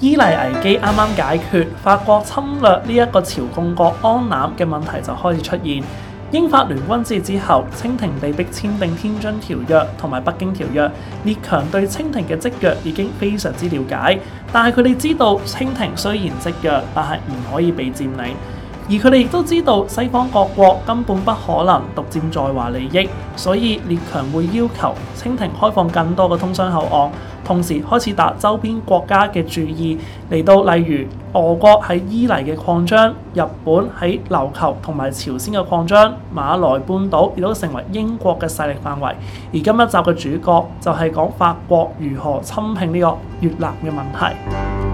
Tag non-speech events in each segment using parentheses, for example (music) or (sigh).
伊犁危機啱啱解決，法國侵略呢一個朝貢國安南嘅問題就開始出現。英法聯軍之之後，清廷被迫簽訂《天津條約》同埋《北京條約》，列強對清廷嘅積弱已經非常之了解，但係佢哋知道清廷雖然積弱，但係唔可以被佔領，而佢哋亦都知道西方各國根本不可能獨佔在華利益，所以列強會要求清廷開放更多嘅通商口岸。同時開始打周邊國家嘅注意，嚟到例如俄國喺伊犁嘅擴張，日本喺琉球同埋朝鮮嘅擴張，馬來半島亦都成為英國嘅勢力範圍。而今一集嘅主角就係講法國如何侵佔呢個越南嘅問題。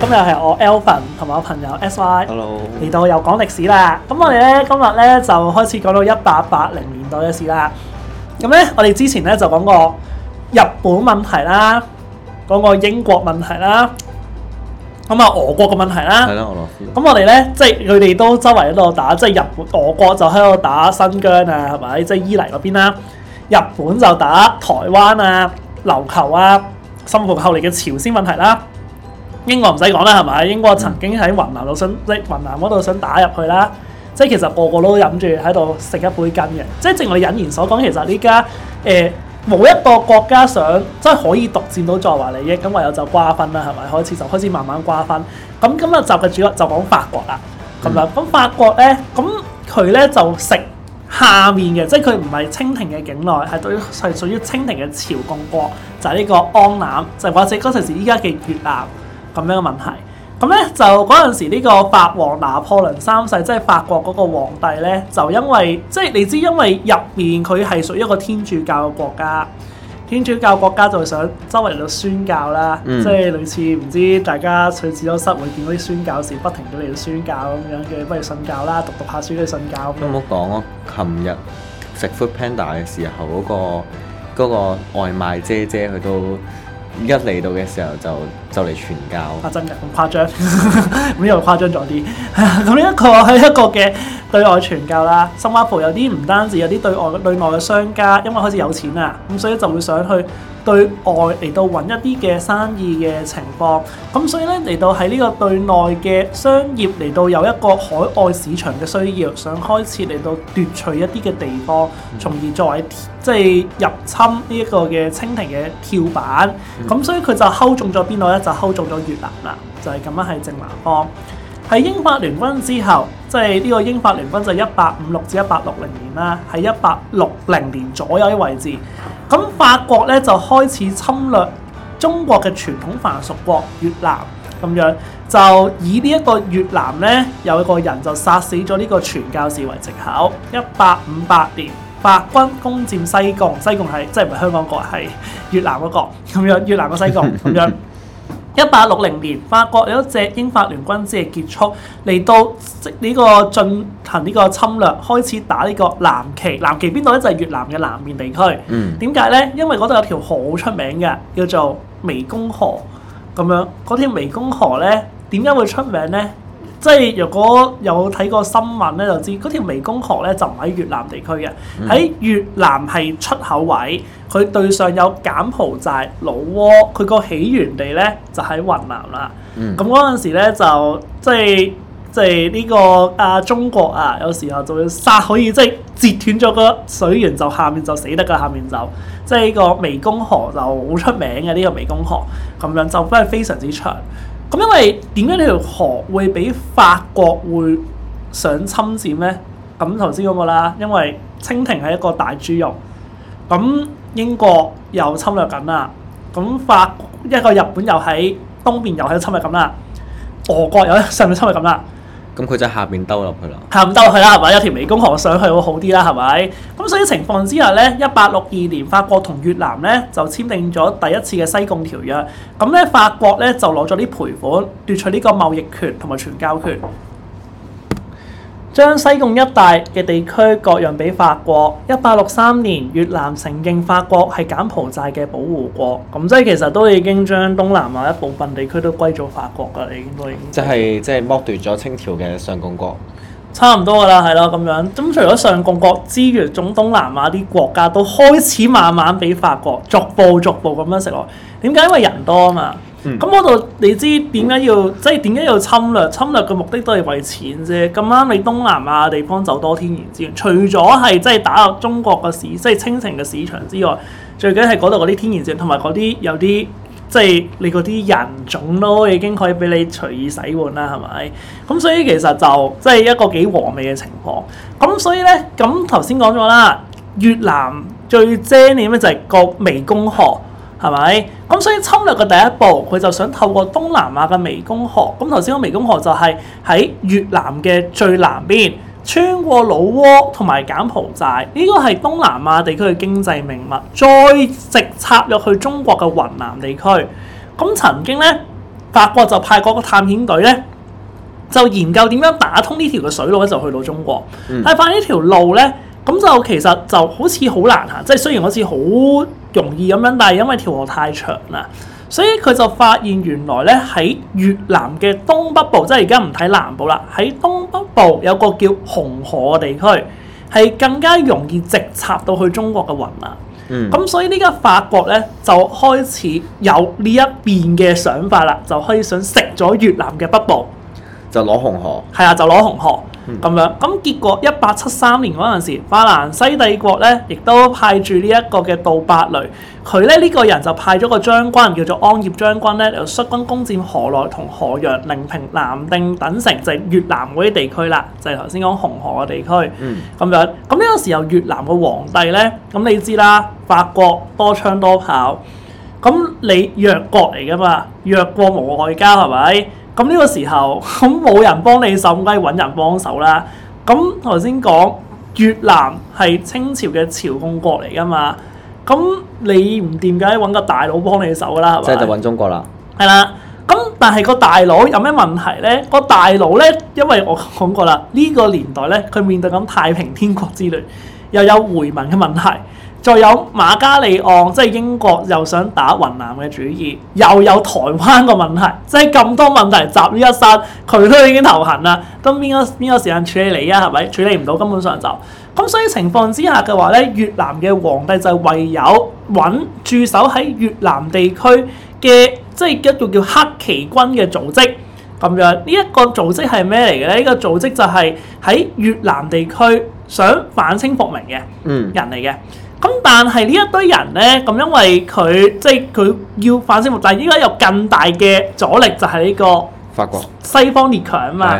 今日係我 Alvin 同埋我朋友 SY，嚟 Hello. 到又講歷史啦。咁我哋咧今日咧就開始講到一八八零年代嘅事啦。咁咧我哋之前咧就講過日本問題啦，講過英國問題啦，咁啊俄國嘅問題啦。係啦，俄羅斯。咁我哋咧即係佢哋都周圍喺度打，即係日本、俄國就喺度打新疆啊，係咪？即係伊犁嗰邊啦。日本就打台灣啊、琉球啊，身後後嚟嘅朝鮮問題啦。英國唔使講啦，係咪？英國曾經喺雲南度想，即係雲南度想打入去啦，即係其實個個都諗住喺度食一杯羹嘅。即係正如我引言所講，其實呢家誒冇一個國家想即係可以獨佔到在華利益，咁唯有就瓜分啦，係咪？開始就開始慢慢瓜分咁。今日集嘅主角就講法國啦，咁啦。咁法國咧，咁佢咧就食下面嘅，即係佢唔係清廷嘅境內，係對係屬於清廷嘅朝貢國，就係、是、呢個安南，就或者嗰陣時依家嘅越南。咁樣嘅問題，咁咧就嗰陣時呢個法王拿破崙三世，即、就、係、是、法國嗰個皇帝咧，就因為即係、就是、你知，因為入面佢係屬於一個天主教嘅國家，天主教國家就想周圍嚟到宣教啦，嗯、即係類似唔知大家去自修室會見到啲宣教士，不停咁嚟到宣教咁樣嘅，不如信教啦，讀讀下書都信教、嗯。都唔好講咯，琴日食 Food Panda 嘅時候，嗰、那個嗰、那個外賣姐姐佢都。一嚟到嘅時候就就嚟傳教，真嘅咁誇張，咁 (laughs) 樣又誇張咗啲。咁呢個係一個嘅對外傳教啦，深挖埔有啲唔單止有啲對外對外嘅商家，因為開始有錢啦，咁所以就會想去，對外嚟到揾一啲嘅生意嘅情況，咁所以呢，嚟到喺呢個對內嘅商業嚟到有一個海外市場嘅需要，想開設嚟到奪取一啲嘅地方，從而作為即係入侵呢一個嘅清廷嘅跳板。咁所以佢就 hold 中咗邊度呢？就 hold 中咗越南啦，就係、是、咁樣喺正南方。喺英法聯軍之後，即係呢個英法聯軍就一八五六至一八六零年啦，喺一八六零年左右啲位置。咁法國呢，就開始侵略中國嘅傳統藩屬國越南咁樣，就以呢一個越南呢，有一個人就殺死咗呢個傳教士為藉口。一八五八年，法軍攻佔西貢，西貢係即係唔係香港國，係越南嗰個，咁樣越南嗰西貢咁樣。 (laughs) 一八六零年，法國有一隻英法聯軍之嘅結束嚟到，呢個進行呢個侵略，開始打呢個南圻。南圻邊度咧？就係、是、越南嘅南面地區。嗯。點解咧？因為嗰度有條好出名嘅，叫做湄公河。咁樣嗰條湄公河咧，點解會出名咧？即係如果有睇過新聞咧，就知嗰條湄公河咧就唔喺越南地區嘅，喺、嗯、越南係出口位。佢對上有柬埔寨、老撾，佢個起源地咧就喺雲南啦。咁嗰陣時咧就即係即係呢個啊中國啊，有時候就會殺可以即係截斷咗個水源，就下面就死得噶，下面就即係呢個湄公河就好出名嘅呢、呢個湄公河，咁樣就真係非常之長。咁因為點解呢條河會俾法國會想侵佔呢？咁頭先嗰個啦，因為清廷係一個大豬肉，咁英國又侵略緊啦，咁法國一個日本又喺東邊又喺度侵略緊啦，俄國又喺上面侵略緊啦。咁佢就下邊兜落去啦，下唔兜落去啦，係咪？有條湄公河上去會好啲啦，係咪？咁所以情況之下呢，一八六二年法國同越南呢就簽訂咗第一次嘅西貢條約，咁呢，法國呢就攞咗啲賠款，奪取呢個貿易權同埋傳教權。將西貢一帶嘅地區割讓俾法國。一八六三年，越南承認法國係柬埔寨嘅保護國。咁即係其實都已經將東南亞一部分地區都歸咗法國㗎，已經都已經。即係即係剝奪咗清朝嘅上貢國。差唔多㗎啦，係咯咁樣。咁除咗上貢國之餘，總東南亞啲國家都開始慢慢俾法國逐步逐步咁樣食落。點解？因為人多啊嘛。咁嗰度你知點解要即係點解要侵略？侵略嘅目的都係為錢啫。咁啱你東南亞地方就多天然資源，除咗係即係打入中國嘅市，即係清城嘅市場之外，最緊係嗰度嗰啲天然資源同埋嗰啲有啲即係你嗰啲人種都已經可以俾你隨意使喚啦，係咪？咁所以其實就即係一個幾和味嘅情況。咁所以咧，咁頭先講咗啦，越南最遮面咧就係國微工學。係咪？咁所以侵略嘅第一步，佢就想透過東南亞嘅湄公河。咁頭先個湄公河就係喺越南嘅最南邊，穿過老撾同埋柬埔寨，呢個係東南亞地區嘅經濟命脈。再直插入去中國嘅雲南地區。咁曾經呢，法國就派過個探險隊呢，就研究點樣打通呢條嘅水路咧，就去到中國。嗯、但係發現呢條路呢，咁就其實就好似好難行，即係雖然好似好。容易咁樣，但係因為條河太長啦，所以佢就發現原來咧喺越南嘅東北部，即係而家唔睇南部啦，喺東北部有個叫紅河嘅地區，係更加容易直插到去中國嘅雲南。嗯，咁所以呢家法國咧就開始有呢一邊嘅想法啦，就可以想食咗越南嘅北部。就攞紅河，係啊，就攞紅河咁、嗯、樣。咁結果一八七三年嗰陣時，法蘭西帝國咧，亦都派住呢一個嘅杜伯雷，佢咧呢、這個呢個人就派咗個將軍叫做安業將軍咧，就率軍攻，攻佔河內同河陽、寧平、南定等城，就係、係、越南嗰啲地區啦，就係頭先講紅河嘅地區。咁、嗯、樣，咁呢個時候越南嘅皇帝咧，咁你知啦，法國多槍多炮，咁你弱國嚟噶嘛，弱國無外交係咪？咁呢個時候，咁冇人幫你手，梗係揾人幫手啦。咁頭先講越南係清朝嘅朝貢國嚟噶嘛？咁你唔掂，梗係揾個大佬幫你手啦，係嘛？即係就揾中國啦。係啦，咁但係個大佬有咩問題呢？個大佬呢，因為我講過啦，呢個年代呢，佢面對緊太平天國之亂，又有回民嘅問題。再有馬嘉理案，即係英國又想打雲南嘅主意，又有台灣個問題，即係咁多問題集於一身，佢都已經頭痕啦。咁邊個邊個時間處理你啊？係咪處理唔到？根本上就咁。所以情況之下嘅話咧，越南嘅皇帝就唯有揾駐守喺越南地區嘅，即係一個叫黑旗軍嘅組織咁樣。呢一個組織係咩嚟嘅咧？呢個組織就係喺越南地區想反清復明嘅人嚟嘅。嗯咁但係呢一堆人呢，咁因為佢即係佢要反清復，但係應該有更大嘅阻力就係呢個法國西方列強啊嘛。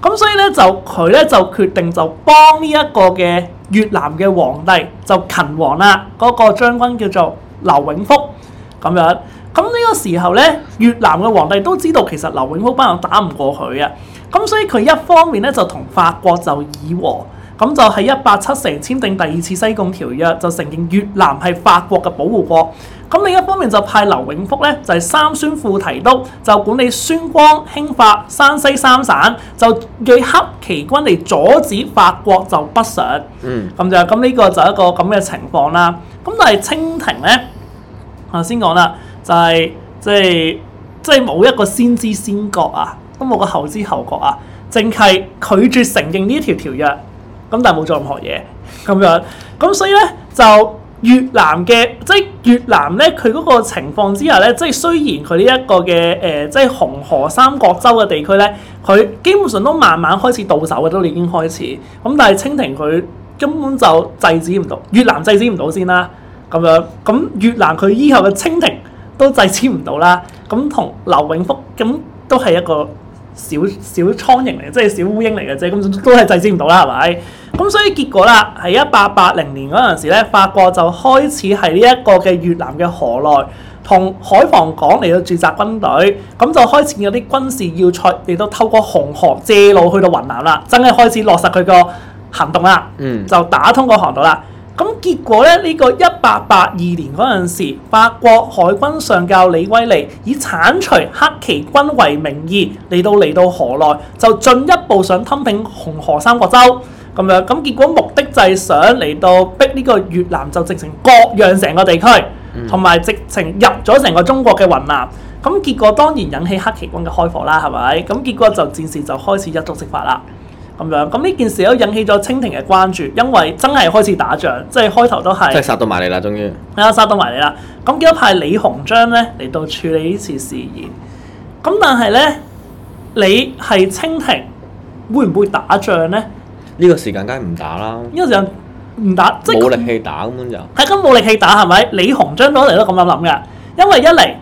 咁國所以呢，就佢呢，就決定就幫呢一個嘅越南嘅皇帝就勤王啦，嗰、那個將軍叫做劉永福咁樣。咁呢個時候呢，越南嘅皇帝都知道其實劉永福班人打唔過佢啊。咁所以佢一方面呢，就同法國就以和。咁就係一八七四年簽訂第二次西貢條約，就承認越南係法國嘅保護國。咁另一方面就派劉永福咧，就係、是、三宣副提督，就管理宣光、興法、山西三省，就要黑旗軍嚟阻止法國就北上。嗯，咁就咁呢個就一個咁嘅情況啦。咁但係清廷咧，頭先講啦，就係即係即係冇一個先知先覺啊，都冇個後知後覺啊，淨係拒絕承認呢條條約。咁但係冇做任何嘢，咁樣，咁所以咧就越南嘅，即係越南咧佢嗰個情況之下咧，即係雖然佢呢一個嘅誒、呃，即係紅河三角洲嘅地區咧，佢基本上都慢慢開始到手嘅，都已經開始。咁但係清廷佢根本就制止唔到，越南制止唔到先啦，咁樣，咁越南佢以後嘅清廷都制止唔到啦，咁同劉永福咁都係一個。小小蒼蠅嚟，即係小烏蠅嚟嘅啫，咁都係制止唔到啦，係咪？咁所以結果啦，喺一八八零年嗰陣時咧，法國就開始喺呢一個嘅越南嘅河內同海防港嚟到駐紮軍隊，咁就開始有啲軍事要塞嚟到透過紅河借路去到雲南啦，真係開始落實佢個行動啦，嗯，就打通個航道啦。咁結果咧，呢個一八八二年嗰陣時，法國海軍上校李威利以剷除黑旗軍為名義嚟到嚟到河內，就進一步想吞併紅河三角洲咁樣。咁結果目的就係想嚟到逼呢個越南就直情割讓成個地區，同埋直情入咗成個中國嘅雲南。咁結果當然引起黑旗軍嘅開火啦，係咪？咁結果就戰事就開始一觸即發啦。咁樣，咁呢件事都引起咗清廷嘅關注，因為真係開始打仗，即係開頭都係即係殺到埋你啦，終於係啊、嗯，殺到埋你啦！咁結果派李鴻章咧嚟到處理呢次事宜。咁但係咧，你係清廷會唔會打仗咧？呢個時間梗係唔打啦，呢個時間唔打，即係冇力氣打咁樣，就係咁冇力氣打，係咪？李鴻章攞嚟都咁諗諗嘅，因為一嚟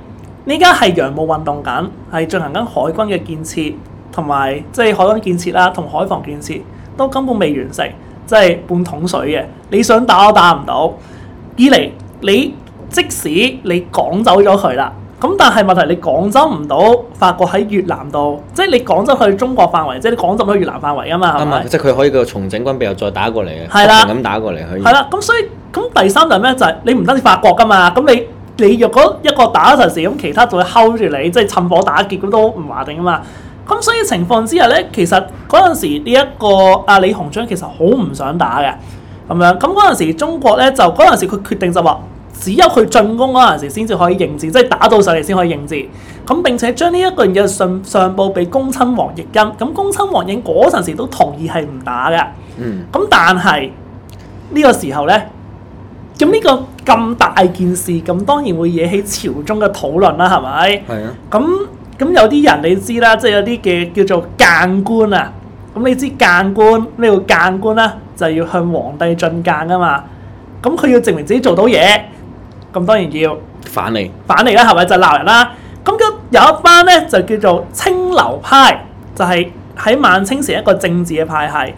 你而家係洋務運動緊，係進行緊海軍嘅建設。同埋即係海軍建設啦，同海防建設都根本未完成，即係半桶水嘅。你想打都打唔到。二嚟，你即使你趕走咗佢啦，咁但係問題你趕走唔到法國喺越南度，即係你趕走去中國範圍，即係你趕走唔到越南範圍啊嘛，係咪吧？是是即係佢可以佢重整軍備又再打過嚟嘅，係啦的，咁打過嚟佢係啦。咁所以咁第三就係咩？就係、是、你唔單止法國㗎嘛，咁你你若果一個打嗰陣時，咁其他就會睺住你，即係趁火打劫咁都唔話定啊嘛。咁所以情況之下咧，其實嗰陣時呢一個阿李鴻章其實好唔想打嘅，咁樣咁嗰陣時中國咧就嗰陣時佢決定就話，只有去進攻嗰陣時先至可以認字，即係打到上嚟先可以認字。咁並且將呢一個人嘅信上報俾恭親王奕欣，咁恭親王奕嗰陣時都同意係唔打嘅。嗯。咁但係呢個時候咧，咁呢個咁大件事，咁當然會惹起朝中嘅討論啦，係咪？係啊。咁。咁有啲人你知啦，即、就、係、是、有啲嘅叫做諫官啊。咁你知諫官咩叫諫官啦？就要向皇帝進諫啊嘛。咁佢要證明自己做到嘢，咁當然要反嚟。反嚟啦，係咪就鬧、是、人啦？咁有一班咧，就叫做清流派，就係、是、喺晚清時一個政治嘅派系。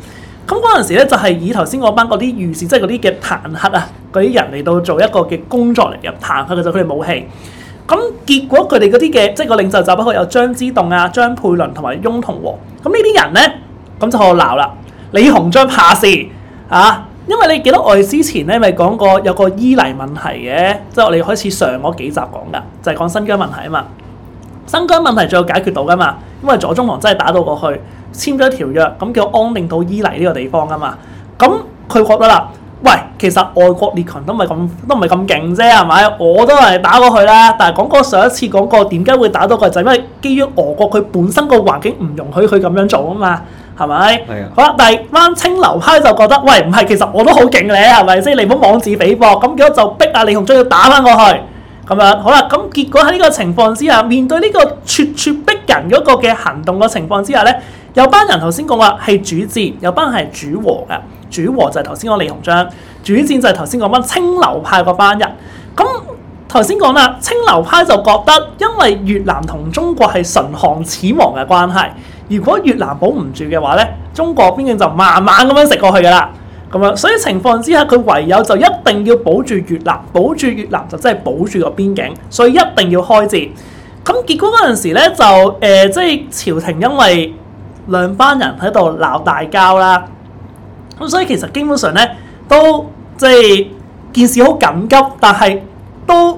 咁嗰陣時咧，就係、是、以頭先嗰班嗰啲御史，即係嗰啲嘅彈劾啊嗰啲人嚟到做一個嘅工作嚟嘅，彈劾就佢、是、哋武器。咁結果佢哋嗰啲嘅，即係個領袖就包括有張之洞啊、張佩綸同埋翁同龢。咁呢啲人呢，咁就喺度鬧啦，李鴻章怕事啊！因為你記得我哋之前呢咪講過有個伊犁問題嘅，即係我哋開始上嗰幾集講噶，就係講新疆問題啊嘛。新疆問題最後解決到噶嘛，因為左宗棠真係打到過去，簽咗條約，咁叫安定到伊犁呢個地方噶嘛。咁佢覺得啦。喂，其實外國列強都唔係咁，都唔係咁勁啫，係咪？我都係打過去啦。但係講過上一次講過，點解會打到個仔，就是、因為基於俄國佢本身個環境唔容許佢咁樣做啊嘛，係咪？係啊。好啦，但二班清流派就覺得，喂，唔係，其實我都好勁，你係咪？即係你唔好妄自菲薄。咁結果就逼阿、啊、李鴻章要打翻過去，咁樣好啦。咁結果喺呢個情況之下，面對呢個咄咄逼人嗰個嘅行動嘅情況之下呢，有班人頭先講話係主戰，有班係主和嘅。主和就係頭先講李鴻章，主戰就係頭先講翻清流派個班人。咁頭先講啦，清流派就覺得因為越南同中國係唇亡齒亡嘅關係，如果越南保唔住嘅話咧，中國邊境就慢慢咁樣食過去噶啦。咁樣所以情況之下，佢唯有就一定要保住越南，保住越南就真係保住個邊境，所以一定要開戰。咁結果嗰陣時咧就誒，即係朝廷因為兩班人喺度鬧大交啦。咁所以其實基本上咧，都即係、就是、件事好緊急，但係都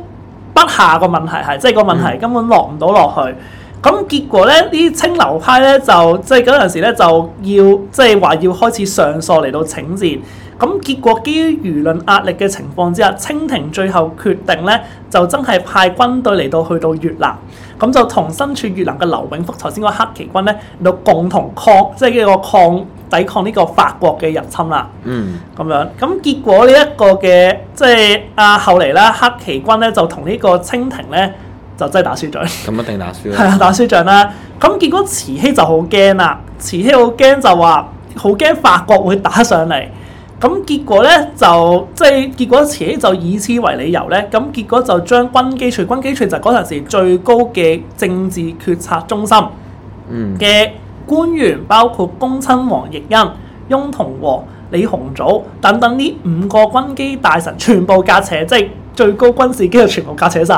不下個問題，係即係個問題根本落唔到落去。咁、嗯、結果咧，啲清流派咧就即係嗰陣時咧就要即係話要開始上訴嚟到請戰。咁結果基於輿論壓力嘅情況之下，清廷最後決定咧就真係派軍隊嚟到去到越南。咁就同身處越南嘅劉永福頭先個黑旗軍咧，就共同抗即係呢個抗。抵抗呢個法國嘅入侵啦，嗯，嗯，咁樣咁結果、啊、呢一個嘅即係啊後嚟咧黑旗軍咧就同呢個清廷咧就真係打輸仗，咁一定打輸啦，係 (laughs) 啊打輸仗啦，咁、嗯、結果慈禧就好驚啦，慈禧好驚就話好驚法國會打上嚟，咁結果咧就即係結果慈禧就以此為理由咧，咁結果就將軍機處軍機處就嗰陣時最高嘅政治決策中心嘅。嗯嗯官員包括恭親王奕欣、翁同和、李鴻藻等等呢五個軍機大臣全部架扯，即係最高軍事機密全部架扯晒。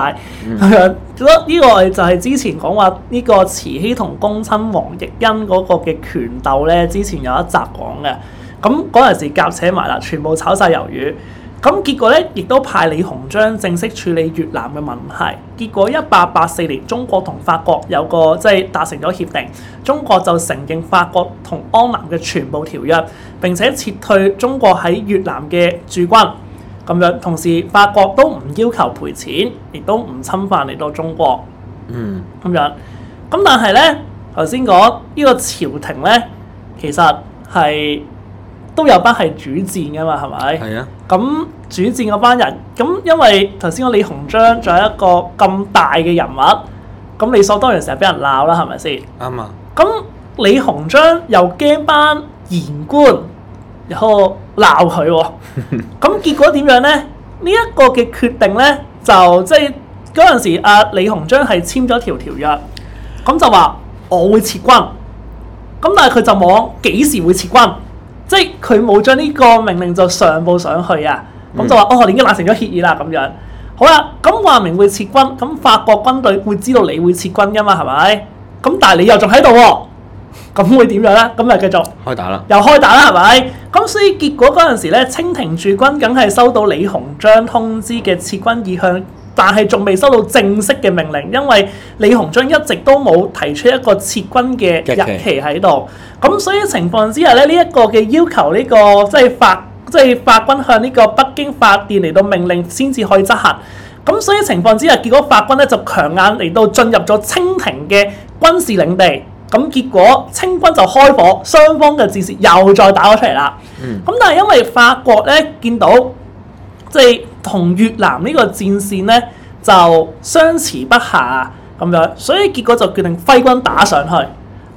咁樣、嗯。咁呢、嗯呢個就係之前講話呢個慈禧同恭親王奕欣嗰個嘅權鬥咧，之前有一集講嘅。咁嗰陣時架扯埋啦，全部炒晒魷魚。咁結果咧，亦都派李鴻章正式處理越南嘅問題。結果一八八四年，中國同法國有個即係達成咗協定，中國就承認法國同安南嘅全部條約，並且撤退中國喺越南嘅駐軍。咁樣，同時法國都唔要求賠錢，亦都唔侵犯嚟到中國。嗯，咁樣。咁但係呢，頭先講呢個朝廷呢，其實係。都有班係主戰嘅嘛，係咪？係是啊、嗯。咁主戰嗰班人咁、嗯，因為頭先講李鴻章仲有一個咁大嘅人物，咁理所當然成日俾人鬧啦，係咪先？啱對啊、嗯。咁李鴻章又驚班言官、哦，然後鬧佢喎。咁結果點樣咧？呢、這、一個嘅決定咧，就即係嗰陣時阿、啊、李鴻章係簽咗條條約，咁、嗯、就話我會撤軍，咁、嗯、但係佢就冇幾時會撤軍。即係佢冇將呢個命令就上報上去啊，咁、嗯、就話哦，你已經達成咗協議啦咁樣。好啦、啊，咁話明會撤軍，咁法國軍隊會知道你會撤軍噶嘛，係咪？咁但係你又仲喺度喎，咁會點樣呢？咁就繼續開打啦，又開打啦，係咪？咁所以結果嗰陣時咧，清廷駐軍梗係收到李鴻章通知嘅撤軍意向。但係仲未收到正式嘅命令，因為李鴻章一直都冇提出一個撤軍嘅日期喺度。咁期所以情況之下咧，呢、呢、一個嘅要求，呢個，呢個即係法即係法軍向呢個北京發電嚟到命令先至可以執行。咁所以情況之下，結果法軍咧就強硬嚟到進入咗清廷嘅軍事領地。咁結果清軍就開火，雙方嘅戰事又再打咗出嚟啦。咁、嗯、但係因為法國咧見到即係。就是同越南呢個戰線呢就相持不下咁樣，所以結果就決定揮軍打上去，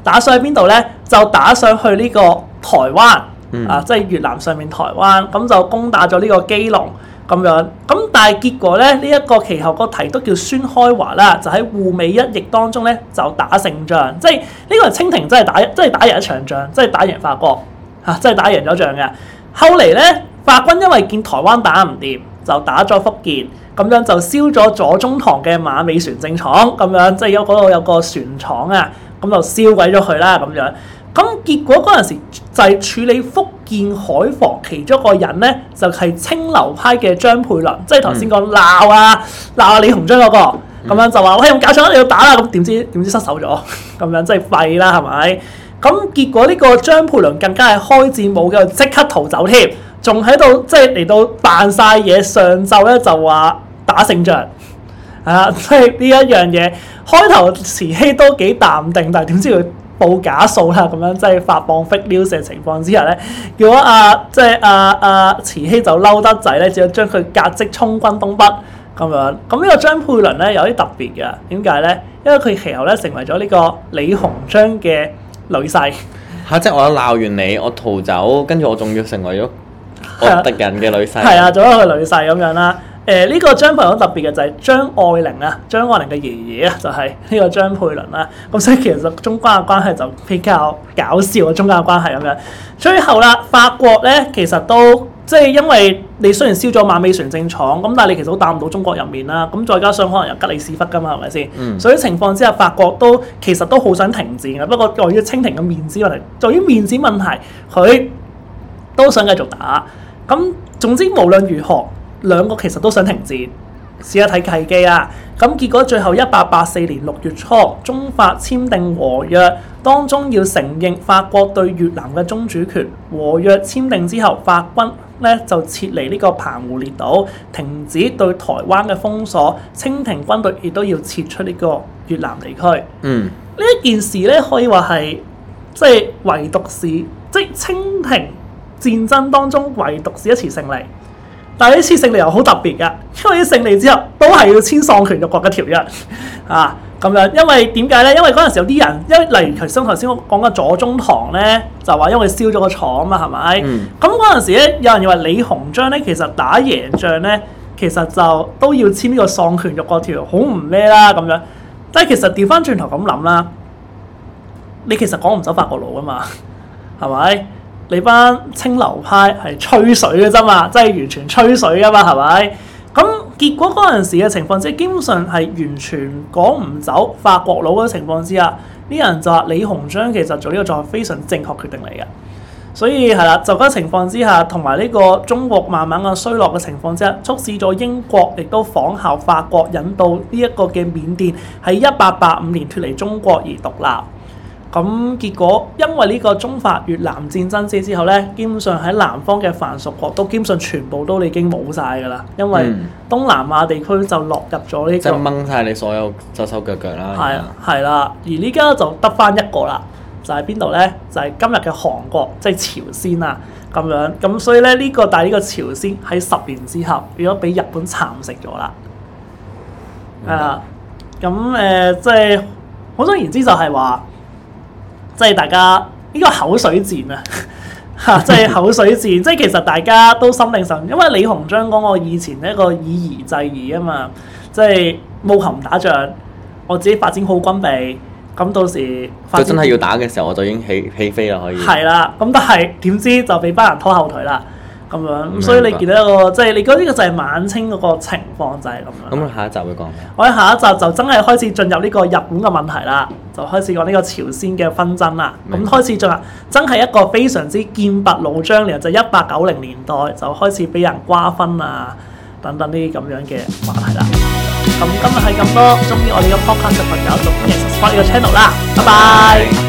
打上去邊度呢？就打上去呢個台灣、嗯、啊，即係越南上面台灣咁就攻打咗呢個基隆咁樣。咁但係結果呢，呢、這、一個其後個提督叫孫開華啦，就喺滬尾一役當中呢就打勝仗，即係呢、這個清廷真係打真係打贏一場仗，真係打贏法國嚇、啊，真係打贏咗仗嘅。後嚟呢，法軍因為見台灣打唔掂。就打咗福建，咁樣就燒咗左中堂嘅馬尾船政廠，咁樣即係有嗰度有個船廠啊，咁就燒鬼咗佢啦，咁樣。咁結果嗰陣時就係處理福建海防其中一個人咧，就係清流派嘅張佩綸，即係頭先講鬧啊鬧、啊、李鴻章嗰、嗰個，咁樣就話我係用假槍、啊，你要打啦、啊，咁點知點知失手咗，咁樣，樣真係廢啦，係咪？咁結果呢個張佩綸更加係開戰武嘅，即刻逃走添。仲喺度即係嚟到扮晒嘢，上晝咧就話打勝仗，係啊，即係呢一樣嘢。開頭慈禧都幾淡定，但係點知佢報假數啦，咁樣即係發放 fake news 嘅情況之下咧，叫阿即係阿阿慈禧就嬲得滯咧，只要將佢革職充軍東北咁樣。咁呢個張佩倫咧有啲特別嘅，點解咧？因為佢其後咧成為咗呢個李鴻章嘅女婿。嚇、啊！即係我一鬧完你，我逃走，跟住我仲要成為咗。敵、啊、人嘅女婿係啊，做咗佢女婿咁樣啦。誒、呃，呢、這個張佩倫特別嘅就係張愛玲啊，張愛玲嘅爺爺啊，就係呢個張佩倫啦。咁所以其實中間嘅關係就比較搞笑啊，中間嘅關係咁樣。最後啦，法國咧其實都即係因為你雖然燒咗馬尾船政廠，咁但係你其實都打唔到中國入面啦。咁再加上可能有吉你屎忽㗎嘛，係咪先？嗯、所以情況之下，法國都其實都好想停戰嘅。不過由於清廷嘅面子問題，由於面子問題，佢都想繼續打。咁總之，無論如何，兩個其實都想停戰，試下睇契機啊！咁結果最後一八八四年六月初，中法簽訂和約，當中要承認法國對越南嘅宗主權。和約簽訂之後，法軍咧就撤離呢個澎湖列島，停止對台灣嘅封鎖，清廷軍隊亦都要撤出呢個越南地區。嗯，呢一件事咧可以話係即係唯獨是即、即係、清廷。戰爭當中唯獨是一次勝利，但係呢次勝利又好特別㗎。因為啲勝利之後都係要簽喪權辱國嘅條約啊，咁樣。因為點解咧？因為嗰陣時有啲人，因為例如頭先我講嘅左宗棠咧，就話因為燒咗個廠啊嘛，係咪？咁嗰陣時咧，有人以為李鴻章咧，其實打贏仗咧，其實就都要簽呢個喪權辱國條，好唔叻啦咁樣。但係其實調翻轉頭咁諗啦，你其實講唔走法國佬㗎嘛，係咪？你班清流派係吹水嘅啫嘛，即係完全吹水噶嘛，係咪？咁結果嗰陣時嘅情況即係基本上係完全趕唔走法國佬嘅情況之下，啲人，人就話李鴻章其實做呢個就係非常正確決定嚟嘅。所以係啦，就嗰情況之下，同埋呢個中國慢慢嘅衰落嘅情況之下，促使咗英國亦都仿效法國引導呢一個嘅緬甸喺一八八五年脫離中國而獨立。咁、嗯、結果，因為呢個中法越南戰爭之後呢，基本上喺南方嘅藩屬國都基本上全部都已經冇晒㗎啦，因為東南亞地區就落入咗呢、這個，嗯、即掹晒你所有手手腳腳啦。係啊，係啦，而呢家就得翻一個啦，就係邊度呢？就係、是、今日嘅韓國，即、就、係、是、朝鮮啊咁樣。咁所以咧、這個，呢個但係呢個朝鮮喺十年之後，變咗俾日本蠶食咗啦。係啦、嗯，咁誒、啊，即係好總言之就，就係話。即係大家呢個口水戰啊，嚇！即係口水戰， (laughs) 即係其實大家都心定神，因為李鴻章講我以前一個以夷制夷啊嘛，即係冇含打仗，我自己發展好軍備，咁到時佢真係要打嘅時候，我就已經起起飛啦，可以。係啦，咁但係點知就俾班人拖後腿啦。咁樣，咁所以你見到一個，即係你覺得呢個就係晚清嗰個情況就，就係咁樣。咁下一集會講咩？我喺下一集就真係開始進入呢個日本嘅問題啦，就開始講呢個朝鮮嘅紛爭啦，咁白開始進入真係一個非常之劍拔弩張嘅，就一八九零年代就開始俾人瓜分啊，等等呢啲咁樣嘅話題啦。咁 (music) 今日係咁多中意我哋嘅 podcast 嘅朋友，就歡迎 subscribe 呢個 channel 啦。拜拜。 (music) (music)